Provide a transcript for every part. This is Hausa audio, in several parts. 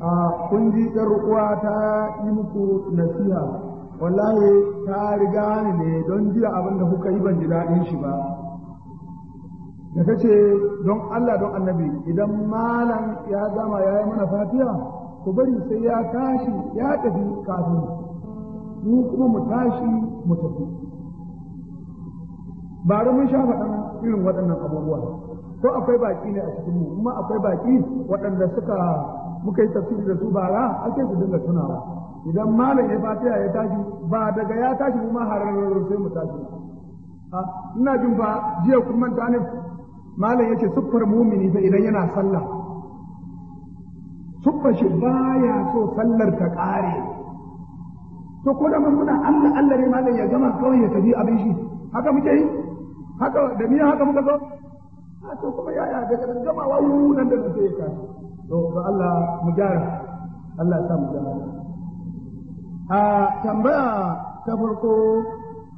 a kun ji ɗan uwa ta yi muku nasiha wallahi ta riga ni ne don jiya abin da kuka yi ban ji daɗin shi ba da ta ce don Allah don annabi idan malam ya gama ya yi mana fatiya ku bari sai ya tashi ya tafi kafin mu kuma mu tashi mu tafi bari mun shafa ɗan irin waɗannan abubuwa ko akwai baƙi ne a cikinmu kuma akwai baƙi waɗanda suka muka yi tafsiri da su bara ake su dinga tunawa idan malam ya fatiha ya tashi ba daga ya tashi mu ma hararar sai mu tashi ina jin ba jiya kun manta ne malam yake siffar mumini ba idan yana sallah siffar shi baya so sallar ta kare to ko da muna Allah Allah ne malam ya gama kawai ya tafi abin shi haka muke yi haka da miya haka muka zo a to kuma yaya daga gamawa wunan da zai ya to ba Allah mu gyara Allah ya sa mu gyara a tambaya ta farko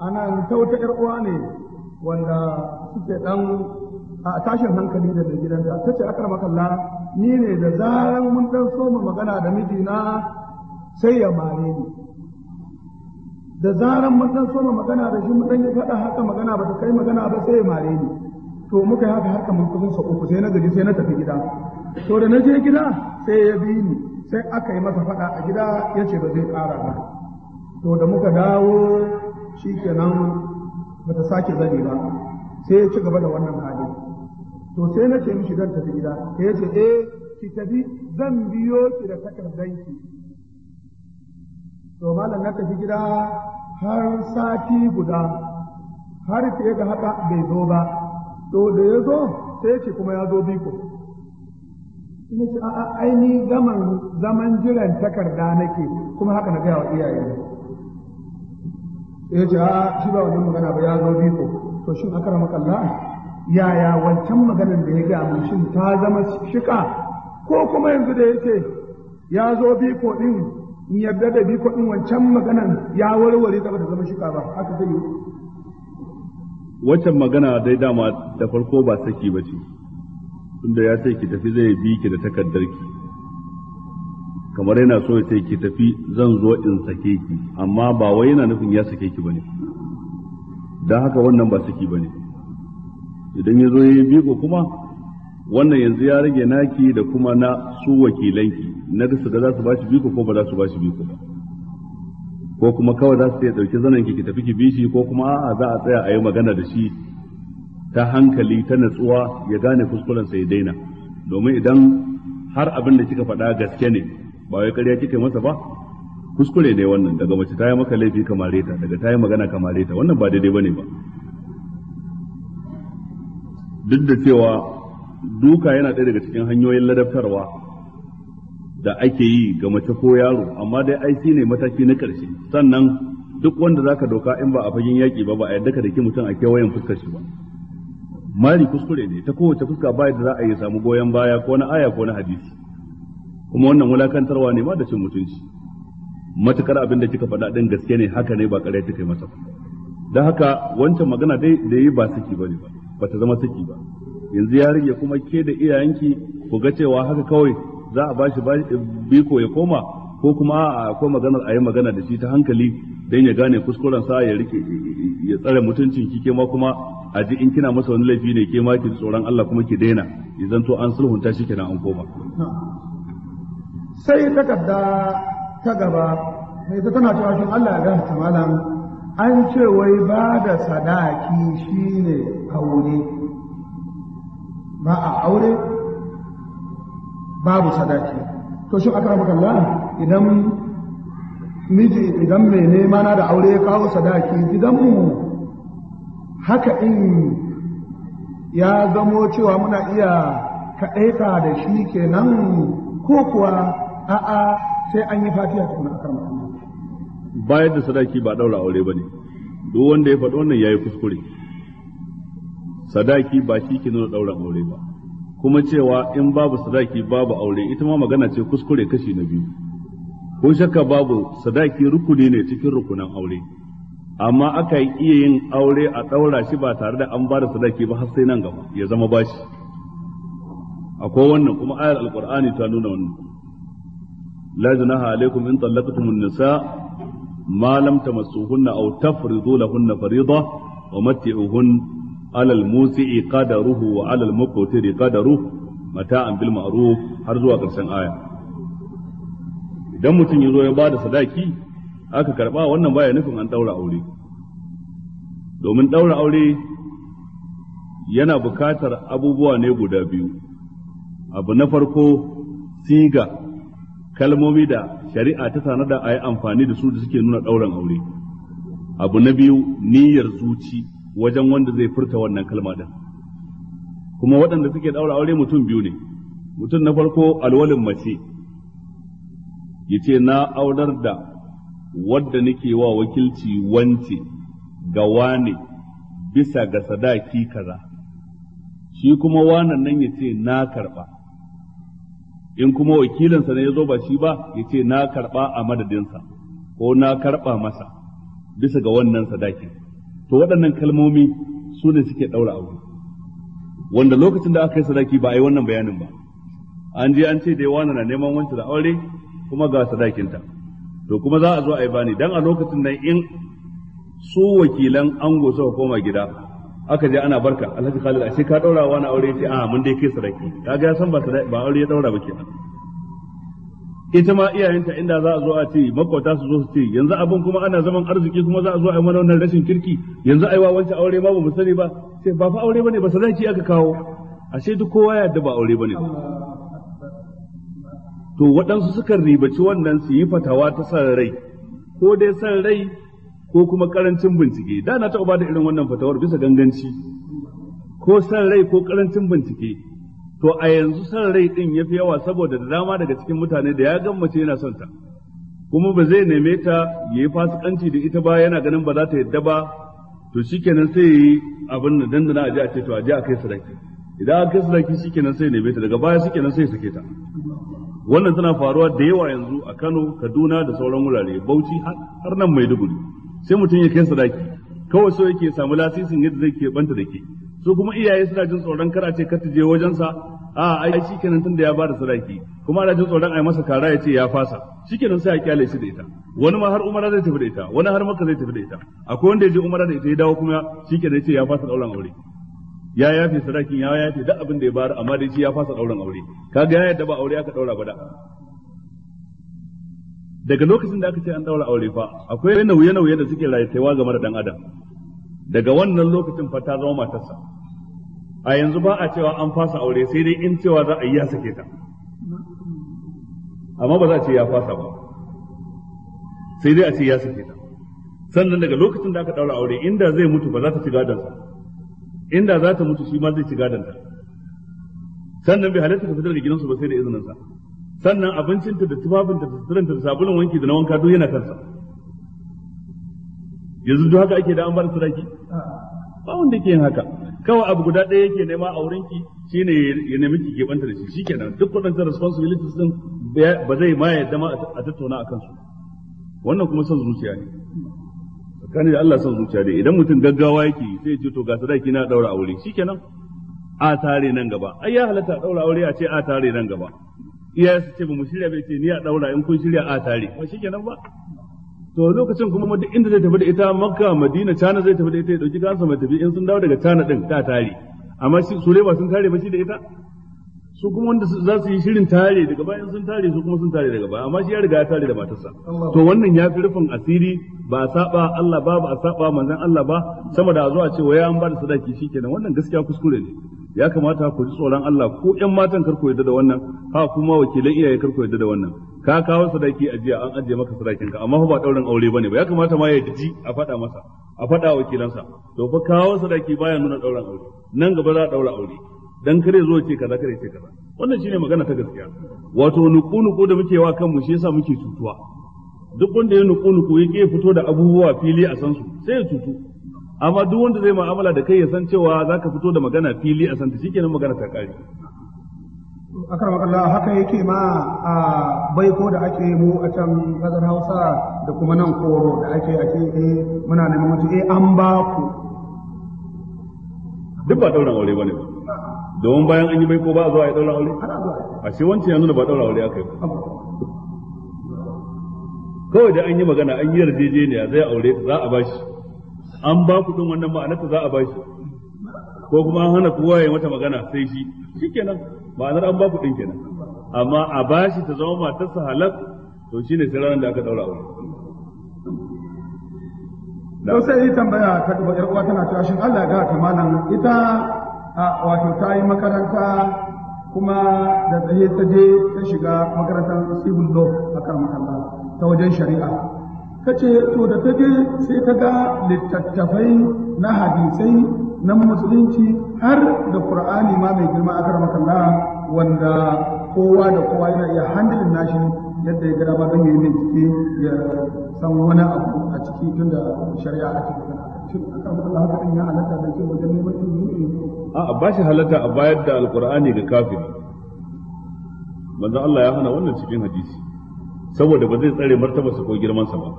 anan ta wata 'yar uwa ne wanda suke dan a tashin hankali da gidanta ta ce akar makalla ni ne da zaran mun dan mu magana da mijina sai ya mare ni da zaran mun dan mu magana da shi mun dan yi faɗa haka magana ba ta kai magana ba sai ya mare ni to muka yi haka har kamar sa uku sai na gaji sai na tafi gida to da na je gida sai ya bi ni sai aka yi masa faɗa a gida ya ce ba zai ƙara ba to da muka dawo shi kenan ba ta sake zani ba sai ya ci gaba da wannan hali to sai na ce mishi zan tafi gida sai ya ce eh ki tafi zan biyo ki da takardanki to malam na tafi gida har sati guda har fiye da haka bai zo ba to da ya zo sai ce kuma ya zo biko ina ce a'a aini zaman zaman jiran takarda nake kuma haka na gaya wa iyaye ya ce a'a shi ba wani magana ba ya zo biko to shin akara makalla yaya wancan maganar da ya gaya mun shin ta zama shika ko kuma yanzu da yake ya zo biko din in yarda da biko din wancan maganar ya warware ta ba ta zama shika ba haka zai yi waccan magana dai dama da farko ba saki ba ce tunda ya ce ki tafi zai bi ki da takardar ki kamar yana so ya ce ki tafi zan zo in sake ki amma ba wai yana nufin ya sake ki bane don haka wannan ba saki bane idan ya zo ya yi biko kuma wannan yanzu ya rage naki da kuma na su wakilanki na su ga za su ba shi biko ko ba za su ba shi biko ba ko kuma kawai za su iya ɗauki zanen ki tafi ki bishi ko kuma a za a tsaya a yi magana da shi ta hankali ta natsuwa ya gane kuskuren sai daina domin idan har abin da kika faɗa gaske ne ba wai ƙarya kika masa ba kuskure ne wannan daga mace ta yi maka laifi kamar ta daga ta yi magana kamar ta wannan ba daidai bane ba duk da cewa duka yana ɗaya daga cikin hanyoyin ladabtarwa da ake yi ga mace ko yaro amma dai ai shine mataki na ƙarshe sannan duk wanda zaka doka in ba a fagen yaki ba ba a yadda ka dake mutum a kewayen fuskar shi ba mari kuskure ne ta kowace fuska ba yadda za a yi samu goyon baya ko na aya ko na hadisi kuma wannan wulakantarwa ne ma da cin mutunci matukar abin da kika faɗa din gaske ne haka ne ba ƙarya kika masa da haka wancan magana dai da yi ba saki bane ba ba ta zama saki ba yanzu ya rage kuma ke da iyayenki ku ga cewa haka kawai za a bashi biko ya koma ko kuma akwai maganar a yi magana da shi ta hankali don ya gane kuskuren sa ya rike ya tsare mutuncin ki ma kuma a ji in kina masa wani laifi ne ke ma ki tsoron Allah kuma ki daina idan to an sulhunta shi kenan an koma sai takarda ta gaba mai ta tana cewa shin Allah ya ta malam an ce wai ba da sadaki shine aure ba a aure babu sadaki to shi aka maka Allah idan miji idan mai nema na da aure ya kawo sadaki gidanmu haka in ya zamo cewa muna iya kaɗaita da shi kenan ko kuwa a'a sai an yi fatiha kuma akan Allah bayar da sadaki ba daura aure ba ne, duk wanda ya faɗi wannan yayi kuskure sadaki ba shi ke nuna daura aure ba kuma cewa in babu sadaki babu aure ita ma magana ce kuskure kashi na biyu ko shakka babu sadaki rukuni ne cikin rukunan aure amma aka yi iya yin aure a ɗaura shi ba tare da an ba da sadaki ba har sai nan gaba ya zama bashi akwai wannan kuma ayar alqur'ani ta nuna wannan la junaha alaikum in an nisa ma lam tamassuhunna aw tafridu lahunna fariida wa matti'uhunna alal musi'i قدره wa alal قدره qadaruhu بالمعروف har zuwa ƙarshen aya idan mutum ya zo ya bada sadaki aka karba wannan baya nufin an daura aure domin daura aure yana bukatar abubuwa ne guda biyu abu na farko siga kalmomi da shari'a ta tanada a yi amfani da su da suke nuna ɗaurin aure abu na biyu niyyar zuci wajen wanda zai furta wannan kalma din kuma waɗanda suke ɗaura aure mutum biyu ne mutum na farko alwalin mace Ya ce na aurar da wadda nake wa wakilci wance ga wane bisa ga sadaki kaza shi kuma wanan nan ya ce na karɓa, in kuma wakilinsa ne ya zo ba shi ba ya ce na karɓa a madadinsa ko na karɓa masa bisa ga wannan sadakin to waɗannan kalmomi su ne suke ɗaura aure wanda lokacin da aka yi sadaki ba a yi wannan bayanin ba an je an ce dai wani na neman wancan da aure kuma ga sadakinta to kuma za a zo a yi bani dan a lokacin nan in su wakilan ango suka koma gida aka je ana barka alhaji khalid a ce ka ɗaura wani aure ce a mun dai kai sadaki kaga ya san ba aure ya ɗaura ba kenan ita ma iyayenta inda za a zo a ce makwata su zo su ce yanzu abin kuma ana zaman arziki kuma za a zo a yi mana wannan rashin kirki yanzu ai wa wancan aure ma ba mu sani ba sai ba fa aure bane ba sadaki aka kawo ashe duk kowa ya yarda ba aure bane ba to waɗansu sukan ribaci wannan su yi fatawa ta san rai ko dai san rai ko kuma karancin bincike da na taɓa ba da irin wannan fatawar bisa ganganci ko san rai ko karancin bincike to a yanzu san rai din yafi yawa saboda da dama daga cikin mutane da ya gammace yana son ta kuma ba zai neme ta ya yi fasikanci da ita ba yana ganin ba za ta yadda ba to shikenan sai yi abin da dandana a je a ce to a a kai sadaki idan a kai sadaki shikenan sai neme ta daga baya shikenan sai sake ta wannan tana faruwa da yawa yanzu a Kano Kaduna da sauran wurare Bauchi har nan Maiduguri sai mutum ya kai sadaki kawai so yake samu lasisin yadda zai ke banta da ke su kuma iyaye suna jin tsoron kar a ce kar ta je wajensa a ai tun tunda ya bada sadaki kuma ana jin tsoron ai masa kara ya ce ya fasa kenan sai a kyale shi da ita wani ma har umara zai tafi da ita wani har makka zai tafi da ita akwai wanda ya je umara da ita ya dawo kuma shikenan ya ce ya fasa dauran aure ya yafe sadakin ya yafe duk abin da ya bayar amma dai shi ya fasa dauran aure kaga ya yadda ba aure aka daura ba da daga lokacin da aka ce an daura aure fa akwai nauye-nauye da suke rayuwa game da ɗan adam daga wannan lokacin fa ta zama matarsa a yanzu ba a cewa an fasa aure sai dai in cewa za a yi ya sake ta amma ba za a ce ya fasa ba sai dai a ce ya sake ta sannan daga lokacin da aka daura aure inda zai mutu ba za ta ci gadonsa inda za ta mutu shi ma zai ci ta sannan bai halatta ta fitar da gidansu ba sai da izinin sa sannan abincinta da tufafinta da suturanta da sabulun wanki da na wanka duk yana kansa yanzu duk haka ake da an bar sadaki ba wanda ke yin haka kawai abu guda ɗaya yake nema a wurin ki shine ya nemi ki keɓanta da shi shikenan duk waɗannan responsibilities din ba zai ma yadda ma a tattauna a kansu wannan kuma son zuciya ne tsakanin da Allah son zuciya ne idan mutum gaggawa yake sai ya ce to ga sadaki na daura aure shikenan a tare nan gaba ai ya halatta a daura aure a ce a tare nan gaba iyaye su ce ba mu shirya bai ce ni a daura in kun shirya a tare ba shikenan ba to lokacin kuma duk inda zai tafi da ita makka madina cana zai tafi da ita ya dauki gansa mai tafi in sun dawo daga cana din ta tare amma shi su ba sun tare ba shi da ita su kuma wanda za su yi shirin tare daga bayan sun tare su kuma sun tare daga baya amma shi ya riga ya tare da matarsa to wannan ya fi rufin asiri ba a saba Allah ba ba a saba manzon Allah ba sama da a zuwa cewa ya an ba da sadaki shikenan wannan gaskiya kuskure ne ya kamata ku ji tsoron Allah ko ƴan matan karku yadda da wannan ha kuma wakilan iyaye karku yadda da wannan ka kawo sadaki a jiya an ajiye maka sadakin ka amma ba daurin aure bane ba ya kamata ma ya ji a faɗa masa a faɗa wakilansa to fa kawo sadaki baya nuna daurin aure nan gaba za a daura aure dan kare zo ce kaza kare ce kaza wannan shine magana ta gaskiya wato nuku-nuku da muke wa kanmu shi yasa muke tutuwa, duk wanda ya nuku-nuku ya fito da abubuwa fili a san su sai ya tutu. amma duk wanda zai mu'amala da kai ya san cewa zaka fito da magana fili a santa shikenan magana ta kare akar makalla haka yake ma a baiko da ake mu a can kasar hausa da kuma nan koro da ake ake eh muna da mutu eh an ba ku duk ba dauran aure bane domin bayan an yi baiko ba a zo a yi dauran aure a shi wancan yanzu da ba dauran aure aka yi kawai da an yi magana an yi yarjejeniya zai aure za a bashi an ba ku din wannan ma'anar za a ba shi ko kuma an hana kowa ya mata magana sai shi shikenan ma'anar an ba ku din kenan amma a ba shi ta zama matarsa halak to shine sai ranar da aka daura aure to sai yi tambaya ta yar uwa tana cewa shin Allah ya ga kamalan ita wato ta yi makaranta kuma da tsaye ta je ta shiga makarantar civil a kan ta wajen shari'a ta ce to da ta je sai ta ga littattafai na hadisai na musulunci har da qur'ani ma mai girma a karama kalla wanda kowa da kowa yana iya handlin nashi yadda ya gada ba don ya yi ciki ya san wani abu a ciki tun da shari'a a cikin a ba shi halatta a bayar da alkur'ani ga kafiri manzo Allah ya hana wannan cikin hadisi saboda ba zai tsare martabarsa ko girmansa ba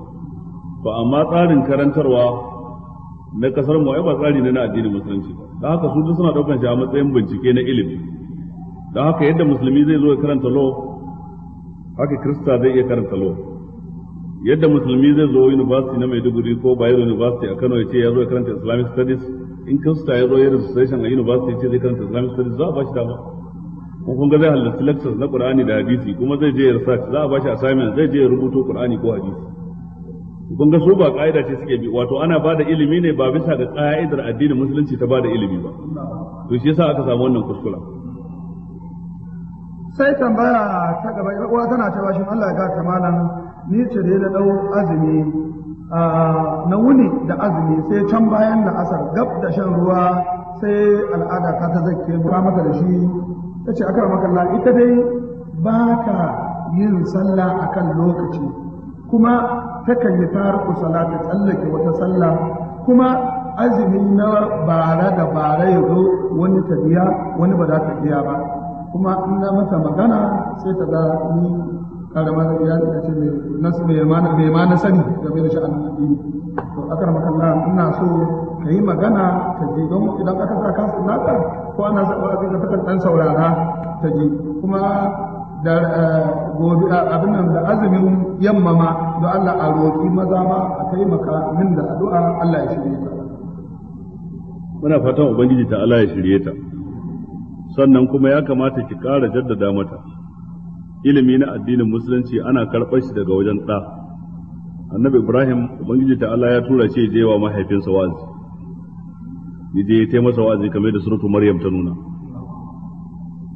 ba amma tsarin karantarwa na kasar mu ai ba tsari ne na addinin musulunci ba da haka su duk suna daukan shi a matsayin bincike na ilimi da haka yadda musulmi zai zo ya karanta law haka krista zai iya karanta law yadda musulmi zai zo university na Maiduguri ko Bayero University a Kano ya ce ya zo ya karanta Islamic studies in krista ya zo ya registration a university ce zai karanta Islamic studies za a ba shi dama kun kun ga zai halarci lectures na Qur'ani da hadisi kuma zai je ya research za a ba shi assignment zai je ya rubuto Qur'ani ko hadisi kun ga su ba ka'ida ce suke bi wato ana ba da ilimi ne ba bisa ga ka'idar addinin musulunci ta ba da ilimi ba to shi yasa aka samu wannan kuskura sai tambaya ta gaba uwa tana cewa shin Allah ya ga kamalan ni ce da na dau azumi na wuni da azumi sai can bayan da asar gab da shan ruwa sai al'ada ta ta zakke ba maka da shi ta ce akar makalla ita dai ba ka yin sallah akan lokaci kuma takan yi tariku salata tsallake wata sallah kuma azumi na bara da bara ya zo wani ta biya wani ba za ta biya ba kuma in na mata magana sai ta ga ni karamar ya ce mai ma na sani game da sha'anin addini to akar makalla ina so ka yi magana ta ji don idan aka sa kasu naka ko ana sa ba ta kan dan saurara ta ji kuma da eh, gobe abin nan da azumin yamma ma da Allah a roƙi maza ma a taimaka min da addu'a Allah ya shirye ta muna fatan ubangiji ta Allah ya shirye ta sannan kuma ya kamata ki ƙara jaddada mata ilimi na addinin musulunci ana karɓar shi daga wajen ɗa annabi ibrahim ubangiji ta Allah ya tura shi je wa mahaifinsa wa'azi ya je ya taimasa wa'azi kamar da suratu maryam ta nuna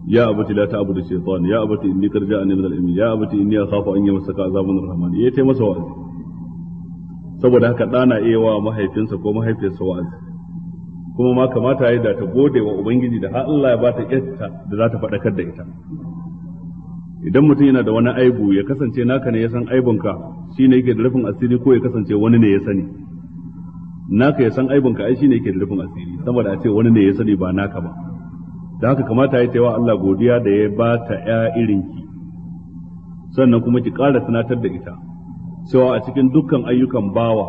ya abati لا تعبد الشيطان ya abati inni qad ja'ani من al يا ya abati inni akhafu يمسك عذاب من الرحمن yayi tai masa wa'azi saboda haka dana iya wa mahaifinsa ko mahaifiyarsa wa'azi kuma ma kamata yayi da ta gode wa ubangiji da har Allah ya bata yarta da za ta fadakar da ita idan mutum yana da wani aibu ya kasance naka ne ya san aibunka shine yake da rufin asiri ko ya kasance wani ne ya sani naka ya san aibunka ai shine yake da rufin asiri saboda a ce wani ne ya sani ba naka ba da haka kamata ya taiwa Allah godiya da ya ba ta ya ki, sannan kuma ki ƙara tunatar da ita cewa a cikin dukkan ayyukan bawa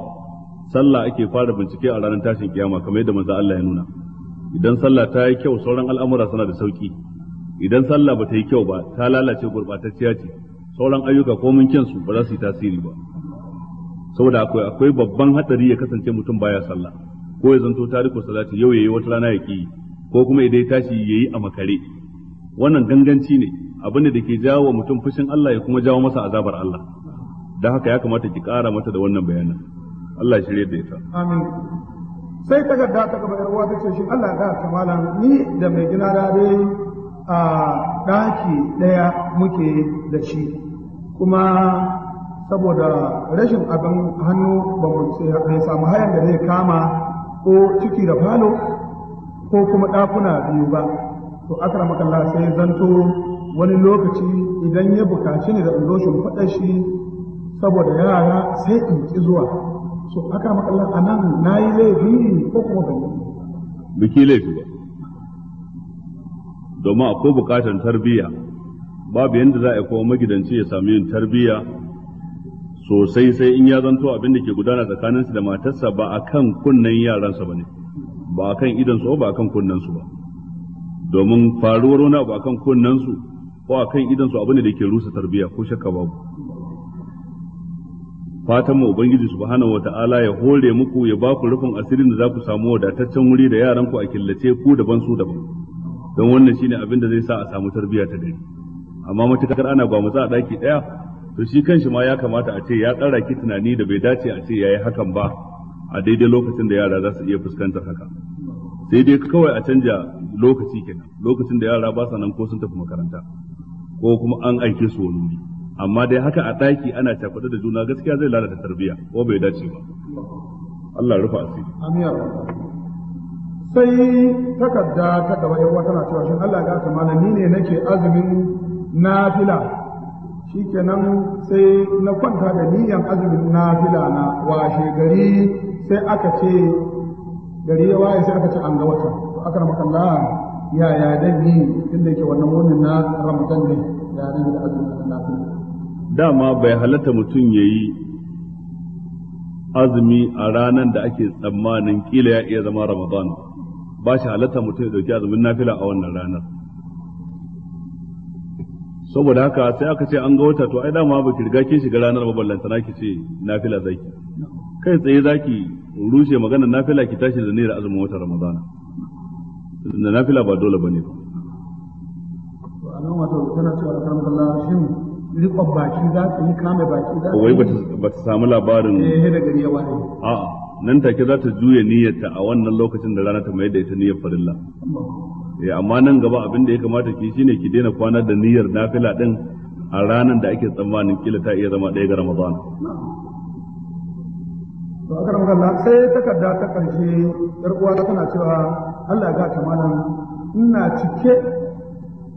sallah ake fara bincike a ranar tashin kiyama kamar yadda manzo Allah ya nuna idan sallah ta yi kyau sauran al'amura suna da sauki idan sallah ba ta yi kyau ba ta lalace gurbatacciya ce sauran ayyuka ko mun su ba za su yi tasiri ba saboda akwai akwai babban hatsari ya kasance mutum baya sallah ko ya zanto tariku salati yau yayi wata rana ya ki ko kuma idan ya tashi yayi a makare wannan ganganci ne abin da ke jawo mutum fushin Allah ya kuma jawo masa azabar Allah da haka ya kamata ki kara mata da wannan bayanan Allah ya shirye da ita amin sai ta takarda ta gaba yar ta ce shi Allah ya ga malam ni da mai gina da dai a daki daya muke da shi kuma saboda rashin abin hannu ba mu samu hayan da zai kama ko ciki da falo ko kuma ɗakuna biyu ba to akramakallah sai zanto wani lokaci idan ya bukaci ne da in zo shimfiɗa shi saboda yara sai in ƙi zuwa so akramakallah a nan na yi laifi ko kuma ban yi biki laifi ba domin akwai bukatan tarbiyya babu yadda za a yi kuma magidanci ya sami yin tarbiyya sosai sai in ya zanto abin da ke gudana tsakaninsu da matarsa ba a kan kunnen yaransa ba ne. ba kan idan su ba kan kunnen ba domin faruwar wani abu akan kunnen su ko kan idan su ne da ke rusa tarbiyya ko shakka babu fatan mu ubangiji subhanahu wataala ya hore muku ya ba ku rufin asirin da za ku samu wadataccen wuri da yaran ku a killace ku daban su daban don wannan shine abin da zai sa a samu tarbiyya ta gari amma matakar ana ba a daki ɗaya, to shi kanshi ma ya kamata a ce ya tsara ki tunani da bai dace a ce yayi hakan ba a daidai lokacin da yara za su iya fuskantar haka sai dai kawai a canja lokaci kenan lokacin da yara ba sa nan ko sun tafi makaranta ko kuma an aike su wani wuri amma dai haka a daki ana cakuɗa da juna gaskiya zai lalata tarbiyya ko bai dace ba Allah rufa asiri sai takarda ta gaba yawa tana cewa shin Allah ya gasa ni ne nake azumin nafila shikenan sai na kwanta da niyan azumin nafila na washe gari sai aka ce gari ya waye sai aka ce an ga wata to aka ramaka Allah ya ya dan inda yake wannan wannan na Ramadan ne ya dan da azumin lafiya dama bai halatta mutum yayi azumi a ranar da ake tsammanin kila ya iya zama Ramadan ba shi halatta mutum ya dauki azumin nafila a wannan ranar saboda haka sai aka ce an ga wata to ai dama ba ki riga kin shiga ranar ba ballantana ki ce nafila zaki kai tsaye za ki rushe maganar nafila ki tashi da naira azumin watan ramadana da nafila ba dole ba ne baki za yi kame baki wai ba ta samu labarin eh, gari ya a nan take za ta juya niyyarta a wannan lokacin da rana ta mai da ita niyyar farilla eh amma nan gaba abin da ya kamata ki shi ne ki daina kwana da niyyar nafila din a ranar da ake tsammanin kila ta iya zama ɗaya ga ramadana to aka ramar Allah sai takarda ta ƙarshe yar uwa tana cewa Allah ga ta malam ina cike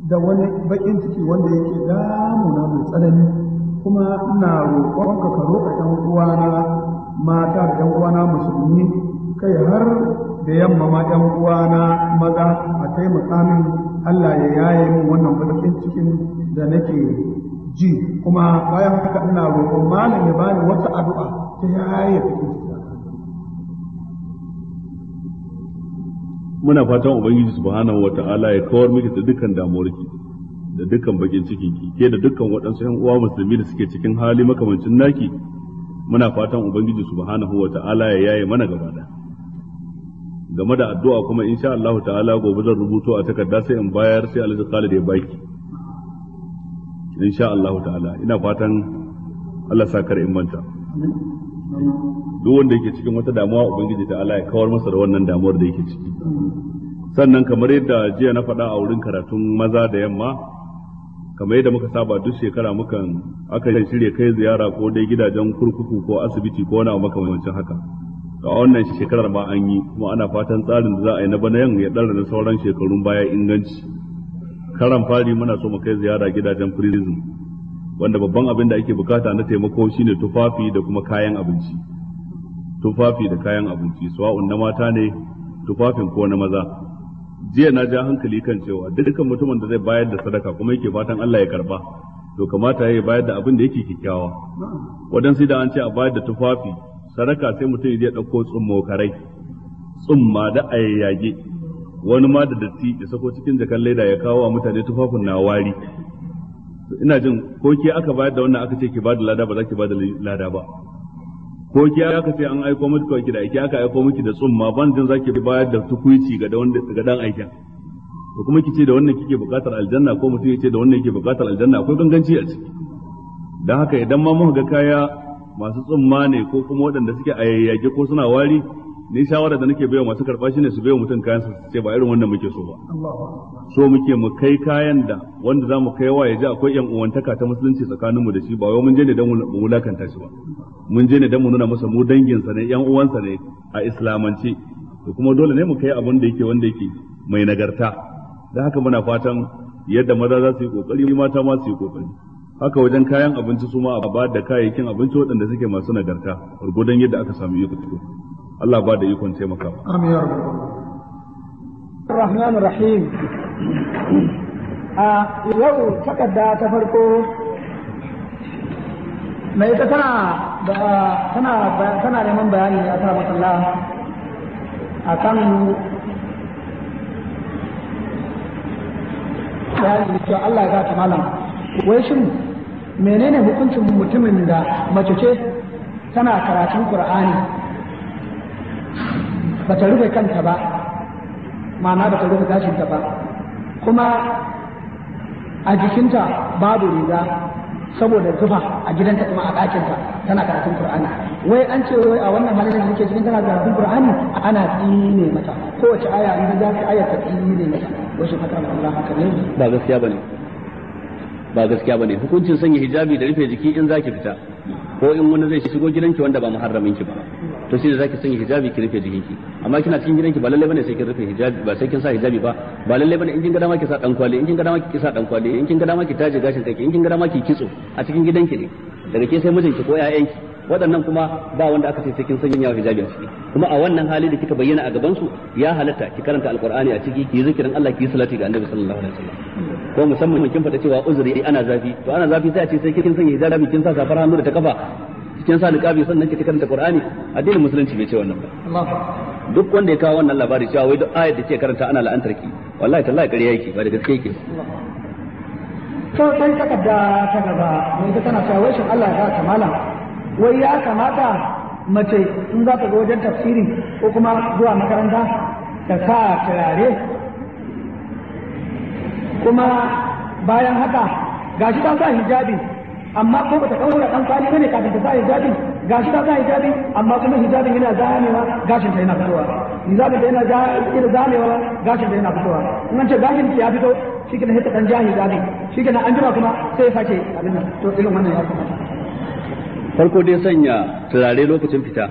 da wani bakin ciki wanda yake damuna mai tsanani kuma ina roƙonka ka roƙa ɗan uwana mata da ɗan uwana musulmi kai har da yamma ma ɗan uwana maza a taimaka min Allah ya yaye min wannan bakin cikin da nake ji kuma bayan haka ina roƙon malam ya bani wata addu'a ta yaya muna fatan ubangiji subhanahu ta'ala ya kawar miki da dukkan damuwarki da dukkan bakin cikin ki ke da dukkan waɗansu ƴan uwa musulmi da suke cikin hali makamancin naki muna fatan ubangiji subhanahu ta'ala ya yaye mana gaba da game da addu'a kuma insha Allah ta'ala gobe zan rubuto a takarda sai in bayar sai Alhaji Khalid ya baki insha Allah ta'ala ina fatan Allah sa kar in manta duk wanda yake cikin wata damuwa ubangiji ta Allah ya kawar masa da wannan damuwar da yake ciki sannan kamar yadda jiya na faɗa a wurin karatun maza da yamma kamar yadda muka saba duk shekara muka aka shirya kai ziyara ko dai gidajen kurkuku ko asibiti ko wani makamancin haka a wannan shekarar ma an yi kuma ana fatan tsarin da za a yi na bana yan ya ɗara na sauran shekarun baya inganci karan fari muna so mu kai ziyara gidajen prison wanda babban abin da ake bukata na taimako shine tufafi da kuma kayan abinci tufafi da kayan abinci sawa'un na mata ne tufafin ko na maza jiya na ja hankali kan cewa dukkan mutumin da zai bayar da sadaka kuma yake fatan Allah ya karba to kamata ya bayar da abin da yake kikkiawa sai da an ce a bayar da tufafi sadaka sai mutum ya dauko ɗauko karai tsumma da ayyage wani ma da datti ya sako cikin jakan leda ya kawo wa mutane tufafin nawari. ina jin ko ke aka bayar da wannan aka ce ki bada lada ba za ki bada lada ba ko ke aka ce an aiko miki kawai da aiki aka aiko miki da tsumma ban jin zaki bayar da tukuici ga wanda ga dan aikin to kuma kike da wannan kike bukatar aljanna ko mutum yace da wannan yake bukatar aljanna akwai ganganci a ciki dan haka idan ma muka ga kaya masu tsumma ne ko kuma waɗanda suke ayayyage ko suna wari ni shawara da nake baiwa masu karɓa shine su baiwa mutum kayan su ce ba irin wannan muke so ba so muke mu kai kayan da wanda za mu kai wa ya ji akwai yan uwantaka ta musulunci tsakanin mu da shi ba wai mun je ne dan mu wulakanta shi ba mun je ne dan mu nuna masa mu dangin sa ne yan uwansa ne a islamance to kuma dole ne mu kai abin da yake wanda yake mai nagarta da haka muna fatan yadda maza za su yi kokari mata ma su yi kokari haka wajen kayan abinci su ma a ba da kayayyakin abinci wadanda suke masu nagarta gurgudan yadda aka samu yi fito Allah ba da ikon maka ba amin ya rahman rahim a yau takarda ta farko mai ita tana tana tana neman bayani a kan a akan bayani cewa Allah ya gata malam wai shin menene hukuncin mutumin da mace ce tana karatun Qur'ani ba ta rufe kanta ba ma'ana ba ta rufe gashinta ba kuma a jikinta babu riga saboda zufa a gidanta kuma a ɗakinta tana karatun Qur'ani wai an ce wai a wannan halin da muke cikin tana karatun Qur'ani ana tsine mata kowace aya in za ka aya ta tsine mata wai shi fata Allah haka ne ba gaskiya bane ba gaskiya bane hukuncin sanya hijabi da rufe jiki in zaki fita ko in wani zai shigo gidanki wanda ba muharramin ki ba to shi da zaki sanya hijabi ki rufe jikinki amma kina cikin gidanki ba lalle bane sai kin rufe hijabi ba sai kin sa hijabi ba ba lalle bane in kin ga dama ki sa dan kwali in kin ga dama ki sa dan kwali in kin ga dama ki taje gashin kake in kin ga dama ki kitso a cikin gidanki ne daga ke sai mijinki ko yayanki waɗannan kuma ba wanda aka ce sai kin sanya hijabi a ciki kuma a wannan hali da kika bayyana a gaban su ya halatta ki karanta alqur'ani a ciki ki yi zikirin Allah ki yi salati ga annabi sallallahu alaihi wasallam ko musamman kin fada cewa uzuri ana zafi to ana zafi sai a ce sai kin sanya hijabi kin sa safar hannu da ta kafa cikin sa niqabi sannan kike karanta Qur'ani addinin musulunci bai ce wannan ba duk wanda ya kawo wannan labari cewa wai duk ayar da ke karanta ana la'antar ki wallahi tallahi ƙarya yake ba da gaske yake to sai takarda ta gaba mun ta tana cewa shin Allah ya ta mala wai ya kamata mace in za ta ga wajen tafsiri ko kuma zuwa makaranta ta sa turare kuma bayan haka gashi ta sa hijabi amma ko ta kawo da kamfani kwali kafin ta sa hijabi gashi ta sa hijabi amma kuma hijabin yana zamewa gashin ta yana fitowa hijabin ta yana yana zamewa gashin ta yana fitowa in an ce gashin ta ya fito kenan sai ta dan ja hijabi kenan an jima kuma sai ya abin nan to irin wannan ya kamata farko dai sanya turare lokacin fita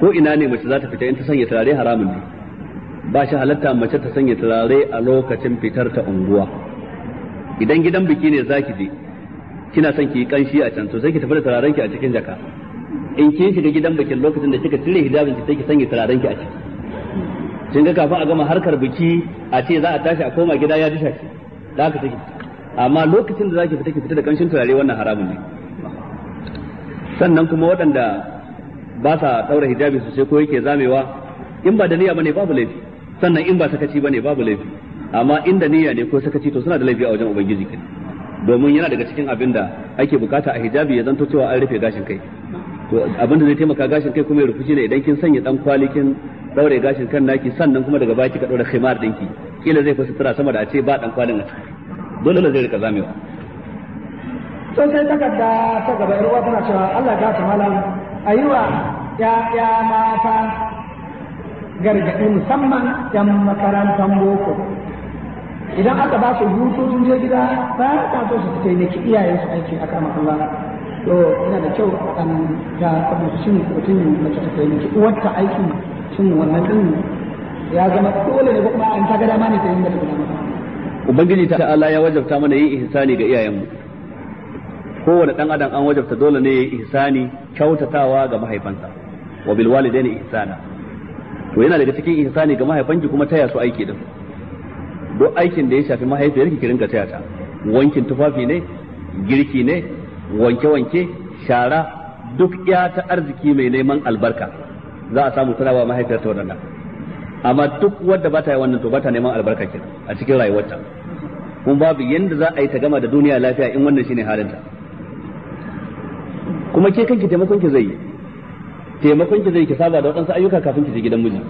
ko ina ne mace za ta fita in ta sanya turare haramun ne ba shi halatta mace ta sanya turare a lokacin fitar ta unguwa idan gidan biki ne zaki je kina son ki yi kanshi a can to sai ki tafi da turaren ki a cikin jaka in kin shiga gidan bakin lokacin da kika cire hijabin ki sai ki sanya turaren ki a ciki kin ga kafin a gama harkar biki a ce za a tashi a koma gida ya dusha ki da haka take amma lokacin da zaki fita ki fita da kanshin turare wannan haramun ne sannan kuma waɗanda ba sa daura hijabi sosai ko yake zamewa in ba da niyya bane babu laifi sannan in ba sakaci bane babu laifi amma in da niyya ne ko sakaci to suna da laifi a wajen ubangiji kenan domin yana daga cikin abin da ake bukata a hijabi ya zanto cewa an rufe gashin kai to abin da zai taimaka gashin kai kuma ya shi ne idan kin sanya dan kwalikin daure gashin kan naki sannan kuma daga baki ka daura khimar dinki kila zai fi sutura sama da a ce ba dan kwalin a ciki dole ne zai rika zamewa to sai gaba ta gaba ruwa tana cewa Allah ya ta malam ayuwa ya ya mata gargadi musamman yan makarantar boko idan aka ba su hutu sun je gida ba ta so su fita ne ki iyayen su aiki aka ma Allah to ina da kyau an ga abin shin mutum mace ta kai miki wata aiki shin wannan din ya zama dole ne ko kuma an ta ga dama ne ta yin da dama ubangiji ta Allah ya wajabta mana yin ihsani ga iyayenmu kowane dan adam an wajabta dole ne yayi ihsani kyautatawa ga mahaifansa wa bil walidaini ihsana to yana daga cikin ihsani ga mahaifanki kuma taya su aiki da su duk aikin da ya shafi mahaifiyar ki rinka taya ta wankin tufafi ne girki ne wanke-wanke shara duk ya ta arziki mai neman albarka za a samu tana wa mahaifiyar ta wadannan amma duk wadda ba ta yi wannan to ba ta neman albarka kenan a cikin rayuwarta kuma babu yanda za a yi ta gama da duniya lafiya in wannan shine halinta kuma ke kanki taimakon ki zai yi taimakon ki zai ki saba da waɗansu ayyuka kafin ki je gidan miji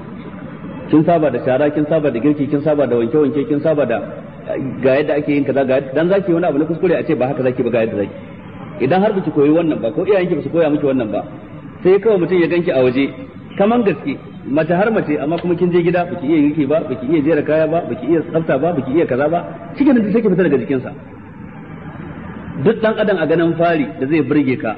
kin saba da shara kin saba da girki kin saba da wanke wanke kin saba da ga yadda ake yin kaza ga dan zaki wani abu na kuskure a ce ba haka zaki ba ga yadda zaki idan har biki koyi wannan ba ko iyayenki ba su koya miki wannan ba sai kawai mutum ya ganki a waje kaman gaske mace har mace amma kuma kin je gida baki iya yinki ba baki iya jera kaya ba baki iya tsafta ba baki iya kaza ba cikin da take fita daga jikinsa duk dan adam a ganin fari da zai burge ka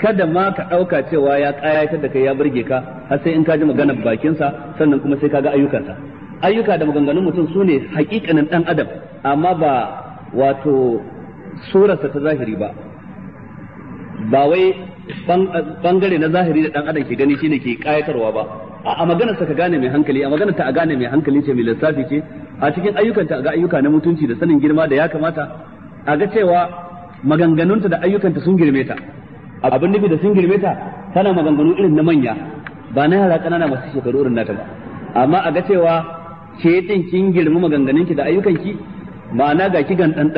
kada ma ka ɗauka cewa ya ƙayatar da kai ya burge ka har sai in ka ji maganar bakinsa sannan kuma sai ka ga ayyukansa ayyuka da maganganun mutum su ne haƙiƙanin ɗan adam amma ba wato surarsa ta zahiri ba ba wai bangare na zahiri da ɗan adam ke gani shine ke ƙayatarwa ba a maganar sa ka gane mai hankali a maganar ta a gane mai hankali ce mai lissafi ce a cikin ayyukanta a ga ayyuka na mutunci da sanin girma da ya kamata a ga cewa maganganunta da ayyukanta sun girme ta abin nufi da sun girme ta tana maganganu irin na manya ba na yara kanana masu shekaru irin nata ba amma a ga cewa ke din kin girma maganganun ki da ayyukan ki ma'ana ga ki gan dan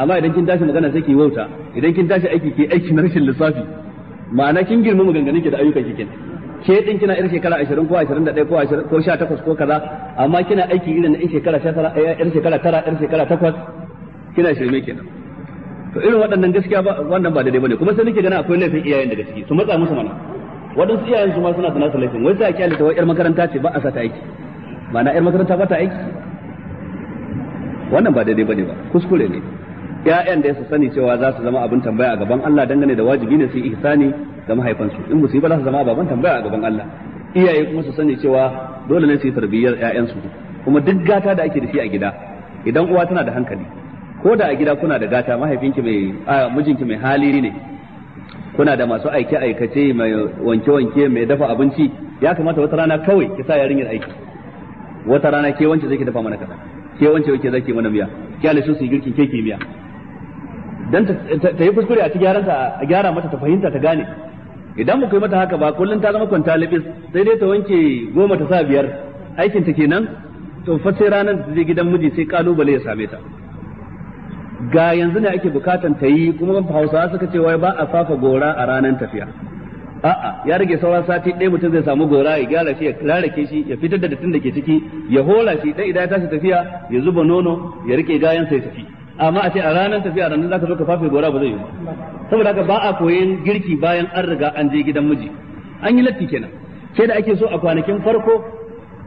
amma idan kin tashi magana sai ki wauta idan kin tashi aiki ke aiki na rashin lissafi ma'ana kin girma maganganun ki da ayyukan ki kenan ke din kina irin shekara 20 ko 21 ko 20 ko 18 ko kaza amma kina aiki irin na in shekara 19 irin shekara 9 irin shekara 8 kina shirme kenan to irin waɗannan gaskiya ba wannan ba daidai bane kuma sai nake gani akwai laifin iyayen daga ciki su matsa musu mana waɗansu iyayen su ma suna da nasu laifin wai sai a kyale ta wai yar makaranta ce ba a sa ta aiki ma'ana yar makaranta ba ta aiki wannan ba daidai bane ba kuskure ne Ya'yan da ya sani cewa za su zama abin tambaya a gaban Allah dangane da wajibi ne su yi ihsani ga mahaifansu in musiba za su zama abin tambaya a gaban Allah iyaye kuma su sani cewa dole ne su yi tarbiyyar ya'yansu. kuma duk gata da ake da shi a gida idan uwa tana da hankali ko da a gida kuna da gata mahaifinki mai a mijinki mai haliri ne kuna da masu aike aikace mai wanke wanke mai dafa abinci ya kamata wata rana kawai ki sa yarinyar aiki wata rana ke wance zai ki dafa mana kaza ke wance wake zaki mana miya ki alisu su girkin ke miya dan ta yi kuskure a ci ta a gyara mata ta fahimta ta gane idan mu kai mata haka ba kullum ta zama kwanta libis sai dai ta wanke goma ta sa biyar aikin ta kenan to fa sai ranar da zai gidan miji sai kalubale ya same ta ga yanzu ne ake bukatan ta yi kuma hausawa suka ce wai ba a fafa gora a ranar tafiya a'a ya rage sauran sati ɗaya mutum zai samu gora ya gyara shi ya rarrake shi ya fitar da dattin da ke ciki ya hola shi dai idan ya tashi tafiya ya zuba nono ya rike gayan sai tafi amma a ce a ranar tafiya ranar zaka zo ka fafe gora ba zai yi ba saboda haka ba a koyin girki bayan an riga an je gidan miji an yi latti kenan sai da ake so a kwanakin farko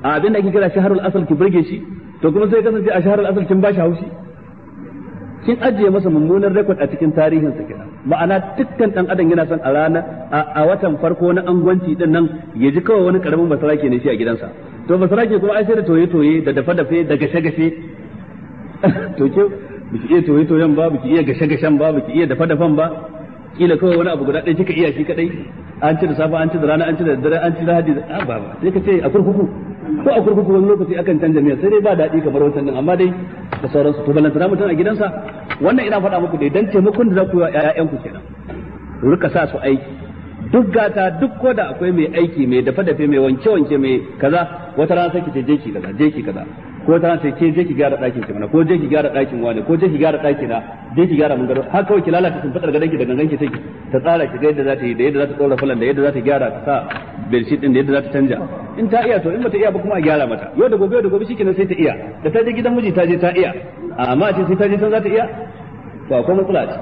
a abin da ake kira shaharul asal ki burge shi to kuma sai kasance a shaharul asal kin ba shi haushi kin ajiye masa mummunan rekod a cikin tarihinsa kenan ma'ana dukkan dan adam yana son a rana a watan farko na angwanci din nan ya ji kawai wani karamin basarake ne shi a gidansa to basarake kuma ai sai da toye toye da dafa dafe da gashe gashe to ke biki iya toye toyen ba biki iya gashe gashen ba biki iya dafa dafan ba kila kawai wani abu guda ɗaya kika iya shi kadai an ci da safa an ci da rana an ci da dare an ci da hadi ah, ba ba sai ka ce a kurkuku ko a kurkuku wani lokaci akan canza miya sai dai ba daɗi kamar wancan din amma dai da sauransu to balantana mutum a gidansa wannan ina faɗa muku dai dan taimakon da za ku yi wa ƴaƴanku kenan rika sa su aiki duk gata duk ko da akwai mai aiki mai dafa dafe mai wanke wanke mai kaza wata rana sai ki je ki kaza je ki kaza ko ta ce ke je ki gyara ɗakin ki mana ko je ki gyara ɗakin wani ko je ki gyara ɗakin na je ki gyara mun gado har kawai ki lalata sun fadar gadon ki da gangan ki take ta tsara ki ga yadda za ta yi da yadda za ta tsora falan da yadda za ta gyara ta sa bedsheet din da yadda za ta canja in ta iya to in bata iya ba kuma a gyara mata yau da gobe yau da gobe shikenan sai ta iya da ta je gidan miji ta je ta iya amma a ce sai ta je san za ta iya to akwai matsala ce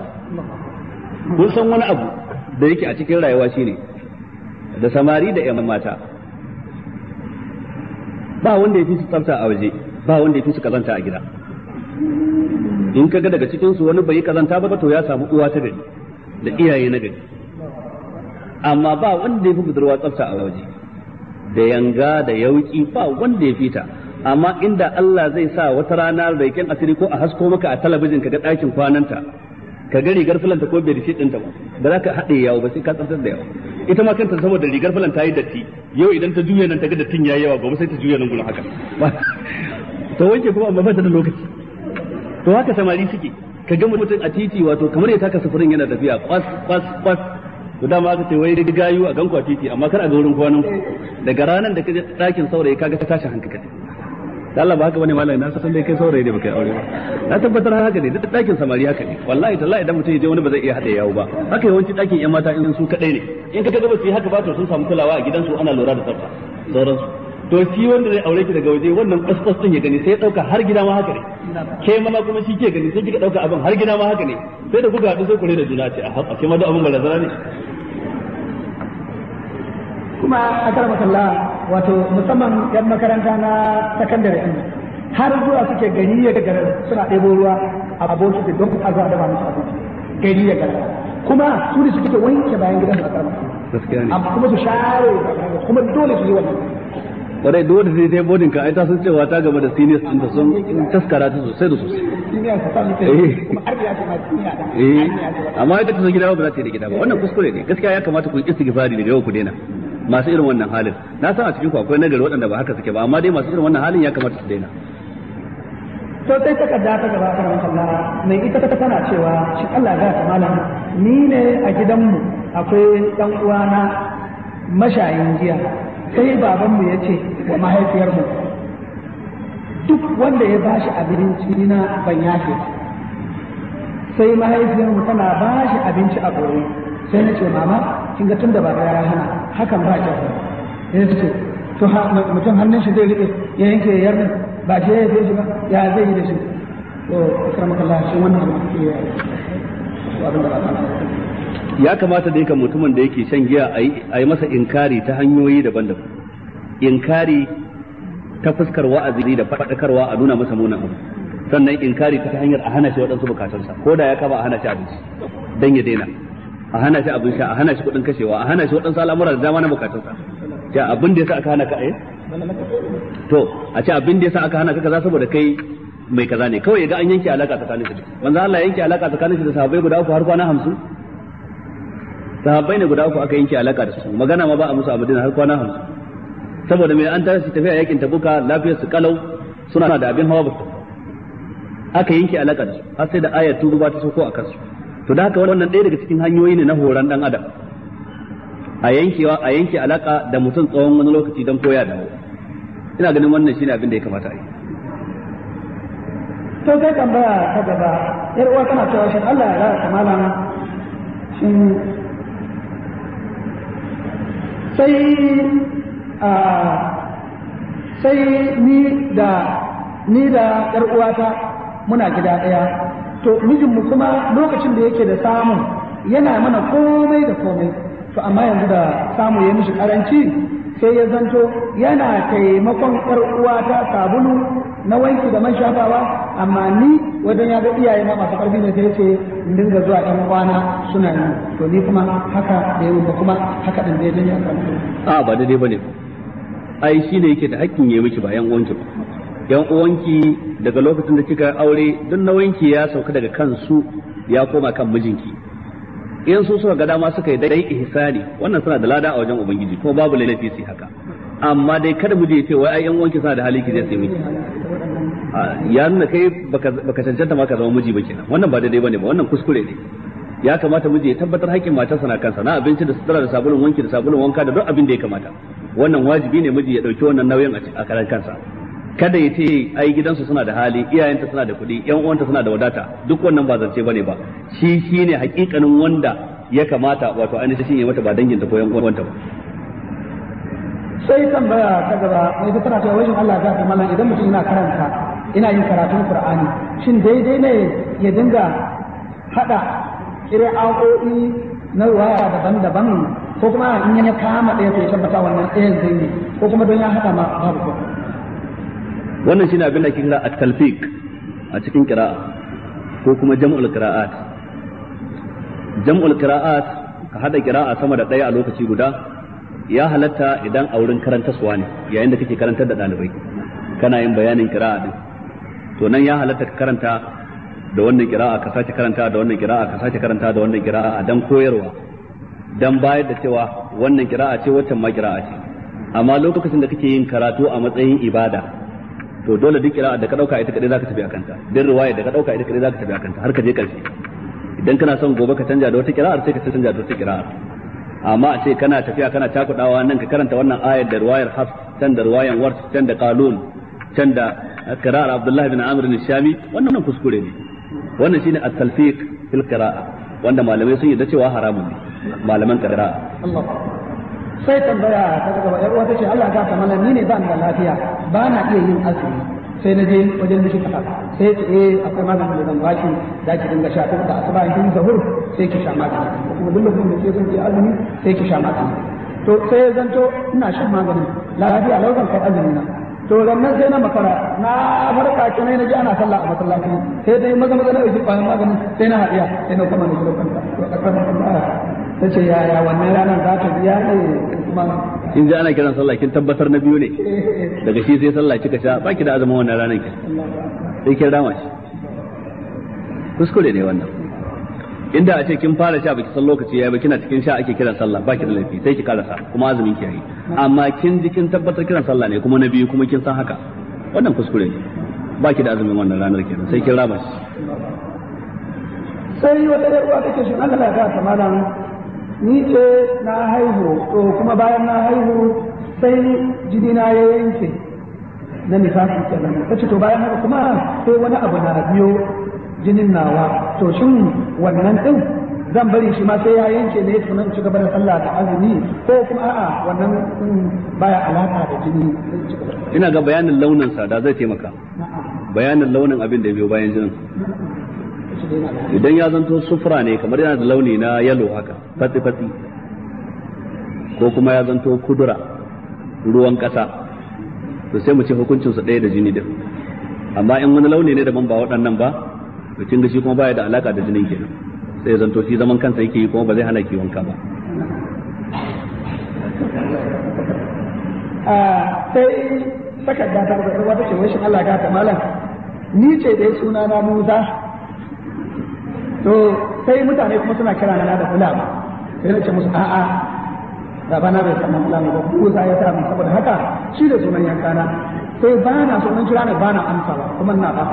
kun san wani abu da yake a cikin rayuwa shine da samari da 'yan mata ba wanda ya fi su tsafta a waje ba wanda ya fi su kazanta a gida in kaga daga cikin su wani bai yi kazanta ba to ya samu uwa ta gari da iyaye na gari amma ba wanda ya fi budurwa tsafta a waje da yanga da yauki ba wanda ya fita amma inda Allah zai sa wata rana baikin asiri ko a hasko maka a talabijin ka ga ɗakin kwananta ka ga rigar fulanta ko bai rishi ɗinta ba ba za ka haɗe yawo ba sai ka tsantar da yawo ita ma kanta saboda rigar fulanta ta yi datti yau idan ta juya nan ta ga dattin yayi yawa ba sai ta juya nan gudun haka to wanke kuma amma ba ta da lokaci to haka samari suke ka ga mutum a titi wato kamar ya taka sufurin yana tafiya kwas kwas kwas to dama aka ce wai riga gayu a ganku a titi amma kar a ga wurin kwanan daga ranar da kaje dakin saurayi kaga ta tashi hankali da Allah ba haka bane malami na san dai kai saurayi ne baka yi aure ba na tabbatar haka ne duk dakin samari haka ne wallahi tallahi idan mutum ya je wani ba zai iya hada yawo ba haka yawanci dakin yan mata in su kadai ne in ka ga ba su yi haka ba to sun samu kulawa a gidansu ana lura da tsafta sauransu to shi wanda zai aure ki daga waje wannan kwaskwas din ya gani sai ya dauka har gida ma haka ne ke ma kuma shi ke gani sai kika dauka abin har gida ma haka ne sai da kuka haɗu sai kure da juna ce a haka ke ma da abin barazana ne kuma a karama kalla wato musamman yan makaranta na sakandare din har zuwa suke gani ya garin suna ɗebo ruwa a abokin da don a zuwa da ba musu abinci gani ya garin kuma su ne suke wanke bayan gidan da a karama kuma su share kuma dole su yi wannan kwarai duk wanda zai ta bodin ka ai ta san cewa ta gaba da seniors din da sun taskara ta sosai da sosai eh. eh. amma ita ta san gida ba za ta yi da gida ba wannan kuskure ne gaskiya ya kamata ku yi istighfari da yau ku daina masu irin wannan halin na san a cikin ku akwai nagari waɗanda ba haka suke ba amma dai masu irin wannan halin ya kamata su daina to sai takarda ta gaba a mai ita ta tana cewa shi Allah ga ta malam ni ne a gidanmu akwai dan uwana mashayin jiya. sai babanmu ya ce wa mahaifiyarmu duk wanda ya bashi abinci na ban yashe sai mahaifiyarmu tana bashi abinci a gobe sai na ce mama kin ga tunda baba ya hana hakan ba kyau ya ce to mutum hannun shi zai rike ya yanke yarnin ba shi ya yi shi ba ya zai yi da shi to akramakallah shi wannan abin da ba ta ya kamata da yake mutumin da yake shan giya a yi masa inkari ta hanyoyi daban-daban inkari ta fuskar wa'azi da faɗakarwa a nuna masa munan abu sannan inkari ta hanyar a hana shi waɗansu bukatunsa ko da ya kama a hana shi abinci dan ya daina a hana shi abin sha a hana shi kuɗin kashewa a hana shi waɗansu al'amura da dama na bukatunsa ja abin da yasa aka hana ka eh to a ce abin da yasa aka hana ka kaza saboda kai mai kaza ne kawai ga an yanke alaka tsakanin su manzo Allah yanke alaka tsakanin su da sahabbai guda uku har kwana 50 sahabbai ne guda uku aka yanke alaka da su magana ma ba a musu madina har kwana hamsin saboda mai an tashi tafiya yakin tabuka lafiyar su kalau suna da abin hawa ba aka yanke alaka da su har sai da ayar tubu ba ta sauko a kansu to da haka wannan ɗaya daga cikin hanyoyi ne na horon dan adam a yankewa a yanke alaka da mutum tsawon wani lokaci don koya da ina ganin wannan shine abin da ya kamata a yi to kai tambaya ta gaba yar uwa tana cewa shin Allah ya rara kamala shin sai sai ni da ni da ƴar uwata muna gida ɗaya to mijinmu kuma lokacin da yake da samu yana mana komai da komai to amma yanzu da samu ya mishi karanci sai ya zanto yana taimakon ƴar uwata sabulu na wanki da man shafawa amma ni wajen ya ga iyaye na masu karfi ne sai ce in dinga zuwa ɗan kwana suna yi to ni kuma haka da yi ba kuma haka ɗin zai janye a ba daidai ba ne ai shi ne yake da hakkin ya miki bayan yan uwanki ba yan uwanki daga lokacin da kika aure duk na wanki ya sauka daga kansu ya koma kan mijinki in su suka ga dama suka yi dai ihsani wannan suna da lada a wajen ubangiji ko babu lalafi sai haka amma dai kada mu je ce wai ai yan wanki sa da hali zai je sai miki ya nuna kai baka cancanta ma ka zama miji ba kenan wannan ba daidai bane ba wannan kuskure ne ya kamata miji ya tabbatar haƙƙin matarsa na kansa na abinci da sutura da sabulun wanki da sabulun wanka da duk abin da ya kamata wannan wajibi ne miji ya dauki wannan nauyin a karan kansa kada ya ce ai gidansu suna da hali iyayenta suna da kuɗi yan uwanta suna da wadata duk wannan ba zance bane ba shi shine hakikanin wanda ya kamata wato ainihin shi ya mata ba danginta ko yan uwanta ba sai tambaya ta gaba mai duk tana cewa wajen Allah ya ta mallan idan mutum yana karanta ina yin karatun Qur'ani shin daidai ne ya dinga hada kira'o'i na waya daban-daban ko kuma in ya kama ɗaya ko ya tabbata wannan ɗayan zai ne ko kuma don ya hada ma babu ko wannan shine abin da ake kira at-talfiq a cikin qira'a ko kuma jam'ul qira'at jam'ul qira'at ka hada qira'a sama da ɗaya a lokaci guda ya halatta idan a wurin karanta suwa ne yayin da kake karantar da ɗalibai kana yin bayanin kira'a din to nan ya halatta ka karanta da wannan kira'a ka sace karanta da wannan kira'a ka sace karanta da wannan kira'a dan koyarwa dan bayar da cewa wannan kira'a ce waccan ma kira'a ce amma lokacin da kake yin karatu a matsayin ibada to dole duk kira'a da ka dauka ita kadai zaka tafi kanta. duk riwaya da ka dauka ita kadai zaka tafi kanta har ka je karshe idan kana son gobe ka canja da wata kira'a sai ka canja da wata kira'a amma a ce kana tafiya kana cakudawa nan ka karanta wannan ayar da ruwayar hafs can da ruwayan wars can da qalun can da qira'a abdullahi bin amr bin shami wannan kuskure ne wannan shine at-talfiq fil qira'a wanda malamai sun da cewa haramun ne malaman qira'a sai tambaya ta gaba yar uwa tace Allah ya ga kamar ni ne ba ni da lafiya ba na iya yin azumi sai na je wajen likita sai ya ce eh akwai maganin da zan ba baki za ki dinga sha da asuba kin zahur sai ki sha maganin kuma duk lokacin da ke son ki azumi sai ki sha maganin to sai zan to ina shan maganin lafiya lau laukan kai azumi na to rannan sai na makara na farka ki na je ana sallah a masallaci sai dai maza maza na ɗauki kwanan maganin sai na haɗiya sai na kuma na shi lokacin da ta ce yaya wannan ranar za ta biya ne kuma in ji ana kiran sallah kin tabbatar na biyu ne daga shi sai sallah kika sha baki da azumin wannan ranar ki sai kin rama shi kuskure ne wannan inda a ce kin fara sha baki san lokaci yayi ba kina cikin sha ake kiran sallah baki da laifi sai ki karasa kuma azumin ki yayi amma kin ji kin tabbatar kiran sallah ne kuma na biyu kuma kin san haka wannan kuskure ne baki da azumin wannan ranar kenan sai kin rama shi sai wata uwa take shi Allah ya ga malam ni ce na haihu to kuma bayan na haihu sai jini na ya yanke na nifasi kenan ta ce to bayan haka kuma sai wani abu na biyo jinin nawa to shin wannan din zan bari shi ma sai ya yanke ne nan ci gaba da sallah da azumi ko kuma a'a wannan baya alaka da jini ina ga bayanin launin sa da zai taimaka bayanin launin abin da ya biyo bayan jinin idan ya zanto sufra ne kamar yana da launi na yalo haka fatsi fatsi ko kuma ya zanto kudura ruwan kasa to sai mu ce hukuncin ɗaya da jini din amma in wani launi ne daban ba waɗannan ba to kin shi kuma baya da alaka da jinin kenan sai zanto shi zaman kansa yake yi kuma ba zai hana ki wanka ba ah, sai saka gata da wata ce wai shin Allah ta malam ni ce dai suna na Musa to sai mutane kuma suna kira na da ba sai ce musu a'a na bai san ulama ba ku sai ya tsara saboda haka shi da sunan yankana sai ba na so mun kira ne ba na amsa ba kuma na ba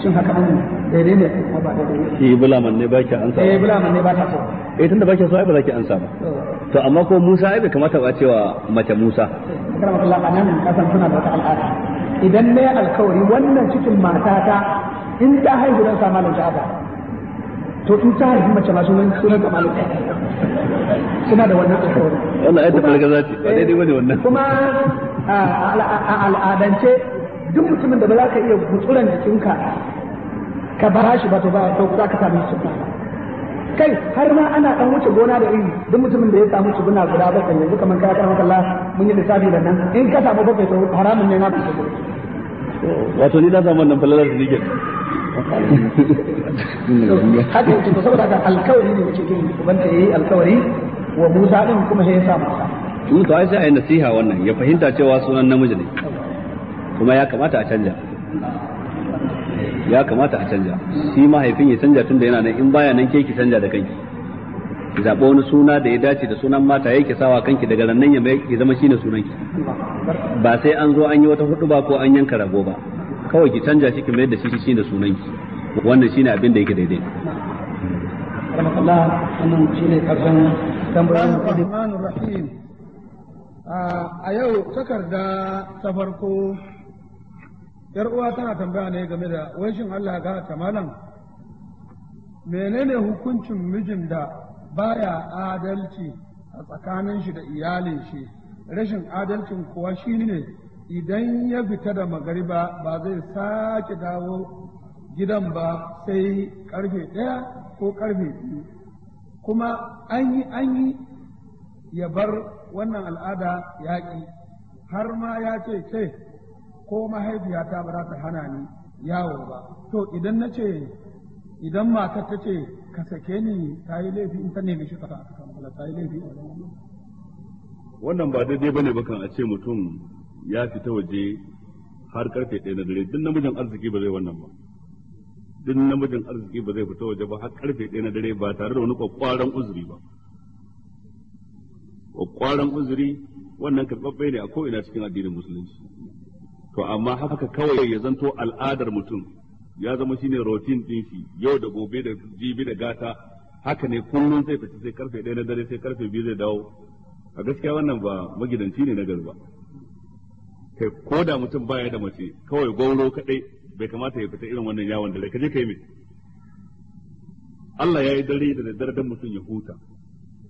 shin haka an daidai ne kuma ba daidai ne shi bulaman ne ba ki amsa eh bulaman ne ba ta so eh tunda ba ki so ai ba za ki amsa ba to amma ko Musa ai bai kamata ba cewa mace Musa karama Allah ba nan kasan suna da wata al'ada idan ne alkawari wannan cikin matata in ta haihu dan samalin malam to in ta haifi mace masu wani sunan ta malika suna da wannan alƙawari wannan ayata za ce ba daidai bane wannan kuma a al'adance duk mutumin da ba za ka iya gutsuran jikinka ka bara shi ba to ba za ka sami su kai har ma ana dan wuce gona da iri duk mutumin da ya samu su guna guda bakwai yanzu kamar kaya karamar kalla mun yi lissafi da nan in ka samu bakwai to haramun ne na fita wato ni na samu wannan falalar da nake haka yake to saboda alkawari ne yake kin ubanta yayi alkawari wa Musa din kuma sai ya sa masa to to ai sai ai nasiha wannan ya fahimta cewa sunan namiji ne kuma ya kamata a canja ya kamata a canja shi mahaifin ya canja tunda yana nan in baya nan ke ki canja da kanki ki zaɓi wani suna da ya dace da sunan mata yake sawa kanki daga nan ya zama shine sunanki ba sai an zo an yi wata hudu ba ko an yanka rago ba kawai ki canja shi ki mayar da shi shi da sunan ki wannan shine abin da yake daidai a yau takarda ta farko yar uwa tana tambaya ne game da wai shin Allah ga ta malam menene hukuncin mijin da baya adalci a tsakanin shi da iyalin shi rashin adalcin kuwa shine idan ya fita da magariba ba zai sake dawo gidan ba sai karfe ɗaya ko karfe biyu kuma an yi an yi ya bar wannan al'ada yaƙi har ma ya ce ce ko mahaifiyata ba za ta hana ni yawo ba to idan na ce idan matar ta ce ka sake ni ta yi laifi in ta nemi shi ta yi laifi wannan ba daidai ba ne bakan a ce mutum ya fita waje har karfe ɗaya na dare duk namijin arziki ba zai wannan ba duk namijin arziki ba zai fita waje ba har karfe ɗaya na dare ba tare da wani kwakwaran uzuri ba kwakwaran uzuri wannan karɓaɓɓe ne a ko'ina cikin addinin musulunci to amma haka kawai ya zanto al'adar mutum ya zama shine rotin ɗin shi yau da gobe da jibi da gata haka ne kullum zai fita sai karfe ɗaya na dare sai karfe biyu zai dawo a gaskiya wannan ba magidanci ne na garba kai ko da mutum baya da mace kawai gauro kadai bai kamata ya fita irin wannan yawon dare kaje kai me Allah ya yi dare da daddare dan mutum ya huta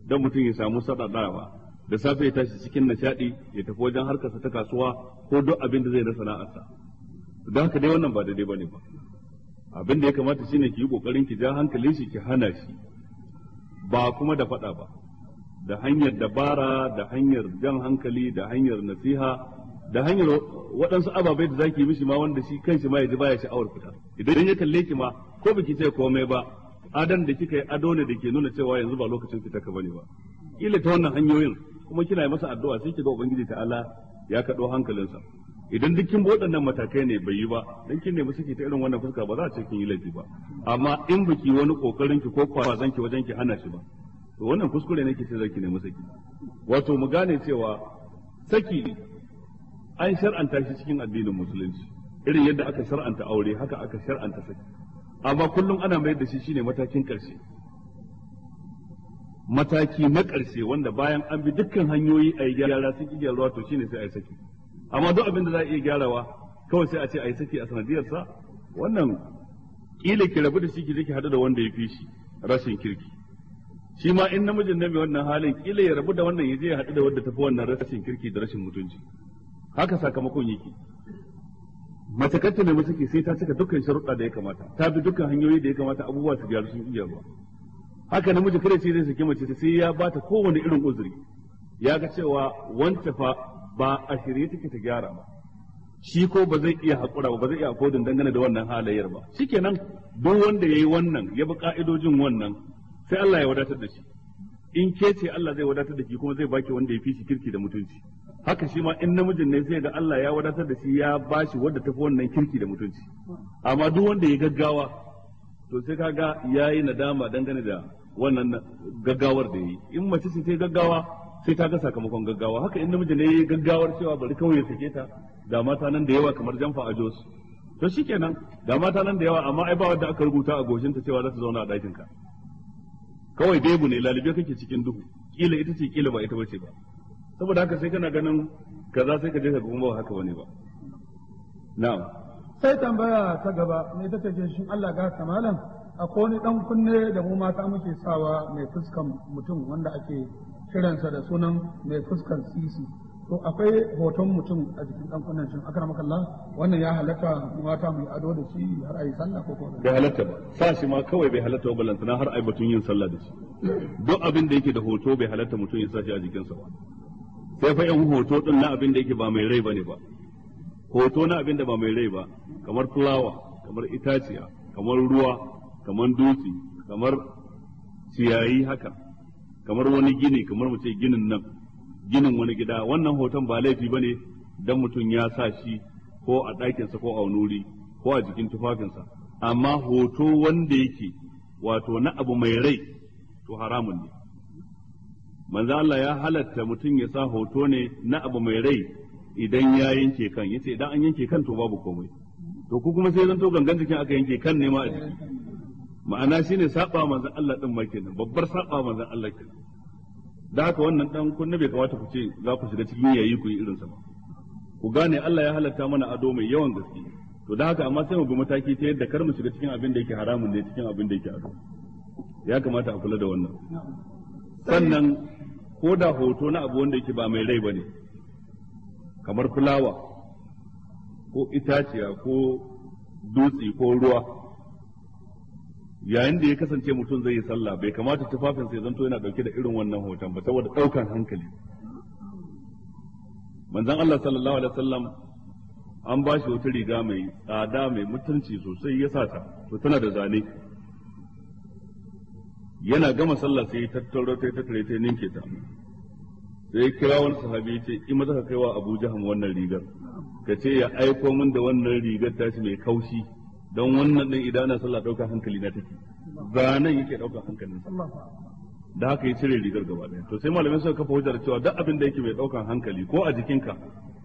dan mutum ya samu sadadawa da safe ya tashi cikin nishadi ya tafi wajen harkarsa ta kasuwa ko duk abin da zai na sana'arsa don haka dai wannan ba daidai bane ba abin da ya kamata shine ki yi kokarin ki ja hankalin shi ki hana shi ba kuma da fada ba da hanyar dabara da hanyar jan hankali da hanyar nasiha da hanyar waɗansu ababai da zaki mishi ma wanda shi kanshi ma ya ji baya sha'awar fita idan ya kalle ki ma ko biki ce komai ba adan da kika yi ado ne da ke nuna cewa yanzu ba lokacin fita ka bane ba ila ta wannan hanyoyin kuma kina yi masa addu'a sai ki ga ubangiji ta Allah ya kaɗo hankalinsa idan duk kin waɗannan matakai ne bai yi ba dan kin nemi saki ta irin wannan fuska ba za a ce kin yi laifi ba amma in baki wani kokarin ki ko kwazan ki wajen ki hana shi ba to wannan kuskure ne ke ce zaki nemi saki wato mu gane cewa saki an shar'anta shi cikin addinin musulunci irin yadda aka shar'anta aure haka aka shar'anta saki amma kullum ana mayar da shi shine matakin ƙarshe mataki na ƙarshe wanda bayan an bi dukkan hanyoyi a yi gyara sun iya ruwa to shine sai a yi saki amma duk abin da za a iya gyarawa kawai sai a ce a yi saki a sanadiyarsa wannan ƙila ki rabu da shi ki je ki haɗu da wanda ya fi shi rashin kirki shi ma in namijin na mai wannan halin ƙila ya rabu da wannan ya je ya haɗu da wanda tafi wannan rashin kirki da rashin mutunci haka sakamakon yake mace kanta ne mace ke sai ta cika dukkan sharuɗa da ya kamata ta bi dukkan hanyoyi da ya kamata abubuwa su gyaru sun iya ba haka namiji kada ce zai saki mace sai ya bata kowane irin uzuri ya ga cewa wance fa ba a shirye take ta gyara ba shi ko ba zai iya haƙura ba ba zai iya kodin dangane da wannan halayyar ba shikenan duk wanda yayi wannan ya bi ka'idojin wannan sai Allah ya wadatar da shi in ke ce Allah zai wadatar da shi kuma zai baki wanda ya fi kirki da mutunci haka shi ma in namijin ne sai ga Allah ya wadatar da shi ya bashi wadda tafi wannan kirki da mutunci amma duk wanda ya gaggawa to sai kaga yayi nadama dangane da wannan gaggawar da yi in mace ce ta gaggawa sai ta ga sakamakon gaggawa haka in namijin ne ya gaggawar cewa bari kawai ya sake ta ga mata nan da yawa kamar jamfa a Jos to shikenan ga mata nan da yawa amma ai ba wanda aka rubuta a goshin ta cewa za ta zauna a ɗakin ka kawai bebu ne lalibe kake cikin duhu kila ita ce kila ba ita bace ba saboda haka sai kana ganin kaza sai ka je ka kuma ba haka bane ba na'am sai tambaya ta gaba me take ce shin Allah ga kamalan akwai wani dan kunne da mu mata muke sawa mai fuskan mutum wanda ake kiransa da sunan mai fuskan sisi to akwai hoton mutum a jikin dan kunnen shin akram Allah wannan ya halatta mata mu ado da shi har ayi sallah ko kuma bai halatta ba sa ma kawai bai halatta ba lantana har ayi batun yin sallah da shi duk abin da yake da hoto bai halatta mutum ya sa a jikinsa ba sai fa yan hoto din na abin da yake ba mai rai bane ba hoto na abin da ba mai rai ba kamar fulawa kamar itaciya kamar ruwa kamar dutse kamar ciyayi haka kamar wani gini kamar mu ce ginin nan ginin wani gida wannan hoton ba laifi bane dan mutum ya sa shi ko a ɗakinsa ko a wani ko a jikin tufafinsa amma hoto wanda yake wato na abu mai rai to haramun ne manzo Allah ya halatta mutum ya sa hoto ne na abu mai rai idan ya yanke kan yace idan an yanke kan to babu komai to ku kuma sai zan to gangan jikin aka yanke kan ne ma a jiki ma'ana shine saba manzo Allah din ma kenan babbar saba manzo Allah kenan da haka wannan dan kunne bai kamata ku ce za ku shiga cikin yayi ku yi irin sa ba ku gane Allah ya halatta mana ado mai yawan gaske to da haka amma sai mu bi mataki ta yadda kar mu shiga cikin abin da yake haramun ne cikin abin da yake ado ya kamata a kula da wannan sannan ko da hoto na abu wanda yake ba mai rai ba ne kamar fulawa ko itaciya ko dutse ko ruwa yayin da ya kasance mutum zai yi sallah bai kamata tufafinsa ya zanto yana dauke da irin wannan hoton ba saboda daukan hankali manzon Allah sallallahu alaihi wasallam an ba shi wata riga mai tsada mai mutunci sosai ya ta, to tana da zane yana gama sallah sai ya tattaro ta tattare ta ninke ta sai ya kira wani sahabi ya ce in maza ka kai wa Abu Jaham wannan rigar ka ce ya aiko min da wannan rigar tashi mai kaushi don wannan din idan na sallah ɗaukar hankali na take zanen yake ɗaukar hankalin da haka ya cire rigar gaba ɗaya to sai malamai suka kafa hujjar cewa duk abin da yake mai ɗaukar hankali ko a jikinka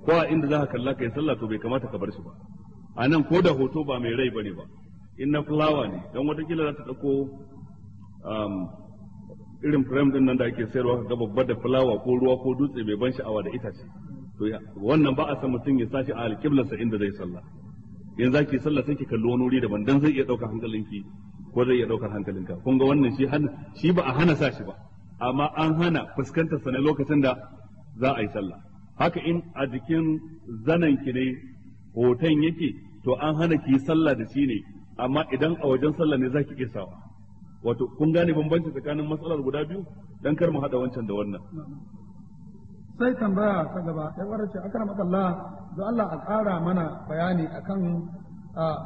ko a inda za ka kalla ka yi sallah to bai kamata ka bar shi ba a nan ko da hoto ba mai rai bane ba in na fulawa ne don watakila za ta ɗauko Um, irin firem din nan da ake sayarwa ga babba da fulawa ko ruwa ko dutse mai ban sha'awa da itace to wannan ba a san mutum ya sashi a sa inda zai sallah in zaki ki sallah sai ki kalli wani wuri daban dan zai iya ɗaukar hankalinki ko zai iya ɗaukar hankalinka kun ga wannan shi shi ba a hana sashi ba amma an hana fuskantar sa ne lokacin da za a yi sallah haka in a jikin zanan ki ne hoton yake to an hana ki sallah da shi ne amma idan a wajen sallah ne zaki ki iya sawa wato kun gane bambanci tsakanin matsalar guda biyu dan kar mu hada wancan da wannan sai tambaya ta gaba ya warace akram Allah don Allah a ƙara mana bayani akan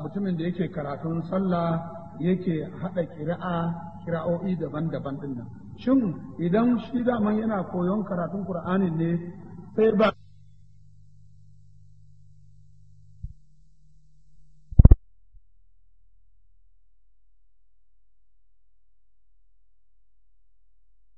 mutumin da yake karatun sallah yake hada kira'a kira'o'i daban-daban din nan shin idan shi daman yana koyon karatun qur'ani ne sai ba